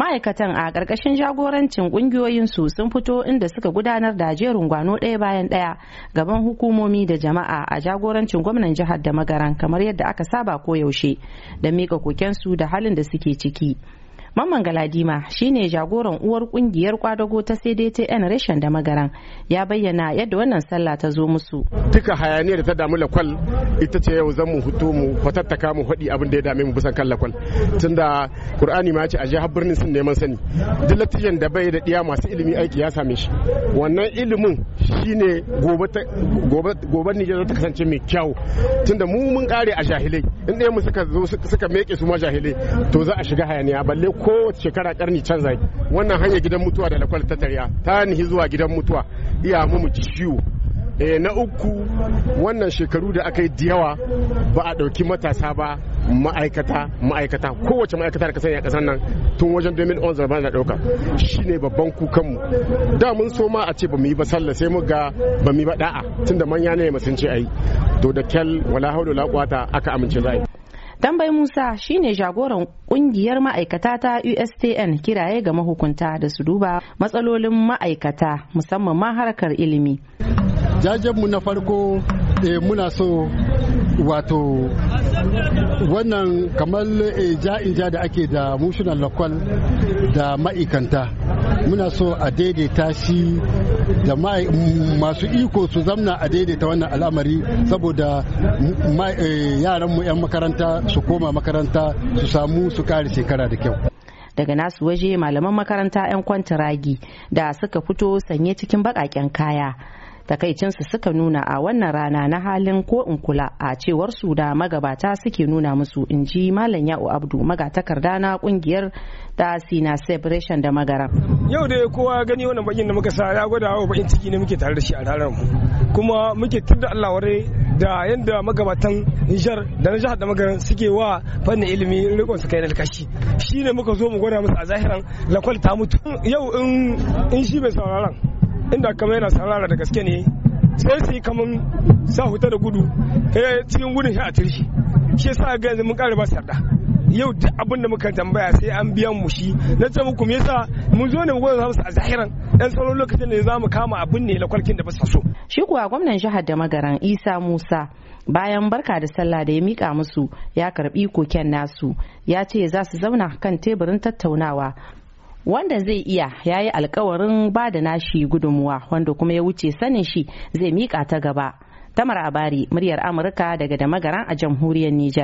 ma'aikatan a ƙarƙashin jagorancin su sun fito inda suka gudanar da jerin gwano ɗaya bayan ɗaya gaban hukumomi da jama'a a jagorancin gwamnan jihar da magaran kamar yadda aka saba koyaushe da miƙa kokensu da halin da suke ciki Mamman Galadima shine jagoran uwar kungiyar kwadago ta CDTN reshen da magaran ya bayyana yadda wannan sallah ta zo musu. Duka hayaniyar da ta damu lakwal ita ce yau zan mu hutu mu fatattaka mu haɗi abin da ya dame mu bisan kan lakwal. Tunda Qur'ani ma ce a jihar birnin sun neman sani. Duk da bai da ɗiya masu ilimi aiki ya same shi. Wannan ilimin shine gobe Nijar ta kasance mai kyau tunda mu mun kare a jahilai in ɗaya mu suka zo suka meke su ma jahilai to za a shiga hayaniya balle kowace shekara karni canza wannan hanya gidan mutuwa da lakwal ta tarya ta nihi zuwa gidan mutuwa iya mu ci ciwo eh, na uku wannan shekaru da aka yi da yawa ba a ɗauki matasa ba ma'aikata ma'aikata kowace ma'aikata da ka a kasar nan tun wajen 2011 ba na dauka shine babban kukanmu da mun so ma a ce ba mu yi ba sallah sai mu ga ba mu yi ba da'a tunda manya ne sun ce ai to da kyal wala haula la quwata aka amince za Tambayi Musa shine jagoran kungiyar ma'aikata ta USTN kiraye ga mahukunta da su duba matsalolin ma'aikata musamman ma harkar ilimi. Jajenmu na farko eh, muna so wato wannan kamar eh, ja ja da ake da mushinan lakwal da ma'aikanta muna so a daidaita shi da masu iko su zamna a daidaita wannan al'amari saboda eh, yaranmu 'yan makaranta su koma makaranta su samu su kare shekara da kyau daga nasu waje malaman makaranta 'yan kwantaragi da suka fito sanye cikin baƙaƙen kaya takaicinsu suka nuna a wannan rana na halin ko in kula a cewar su da magabata suke nuna musu in ji malam ya'u abdu magatakarda na kungiyar da sina separation da magara yau da kowa gani wannan bakin da muka sa ya gwada wa bakin ciki ne muke tare da shi a ranar mu kuma muke tudda Allah ware da yadda magabatan Nijar da na jihar da magaran suke wa fannin ilimi rikon su kai shi shine muka zo mu gwada musu a zahiran lakwal ta mutu yau in shi bai sauraron inda kamar yana sarara da gaske ne sai su yi kamar sa huta da gudu kai cikin gudun shi a tirshi shi sa ga yanzu mun kare ba sarda yau duk abin da muka tambaya sai an biyan mu shi na ce muku me yasa mun zo ne mu gwada musu a zahiran dan sauran lokacin ne za mu kama abin ne lakwalkin da ba sa so shi kuwa gwamnan jihar da magaran Isa Musa bayan barka da sallah da ya mika musu ya karbi koken nasu ya ce za su zauna kan teburin tattaunawa wanda zai iya ya yi alkawarin ba da nashi gudunmuwa wanda kuma ya wuce sanin shi zai miƙa ta gaba tamar abari muryar amurka daga da magaran a jamhuriyar nijar